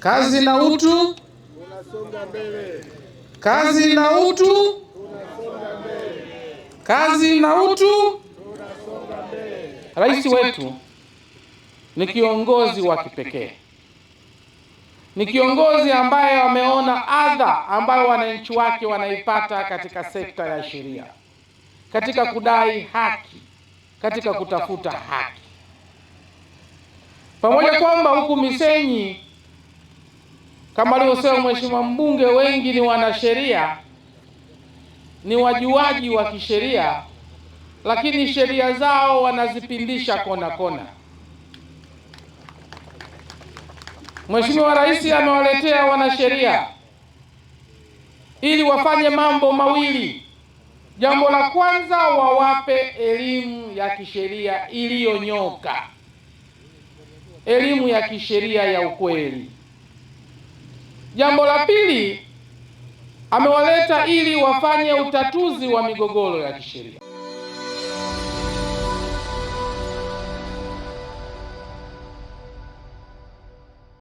Kazi na utu, mbele. Kazi na utu, mbele. Kazi na utu, mbele. Rais wetu ni kiongozi wa kipekee, ni kiongozi ambaye ameona adha ambayo wananchi wake wanaipata katika sekta ya sheria, katika kudai haki, katika kutafuta haki, pamoja kwamba huku Misenyi kama alivyosema mheshimiwa mbunge, wengi ni wanasheria, ni wajuaji wa kisheria, lakini sheria zao wanazipindisha kona kona. Mheshimiwa Rais amewaletea wanasheria ili wafanye mambo mawili. Jambo la kwanza, wawape elimu ya kisheria iliyonyoka, elimu ya kisheria ya ukweli Jambo la pili amewaleta ili wafanye utatuzi wa migogoro ya kisheria.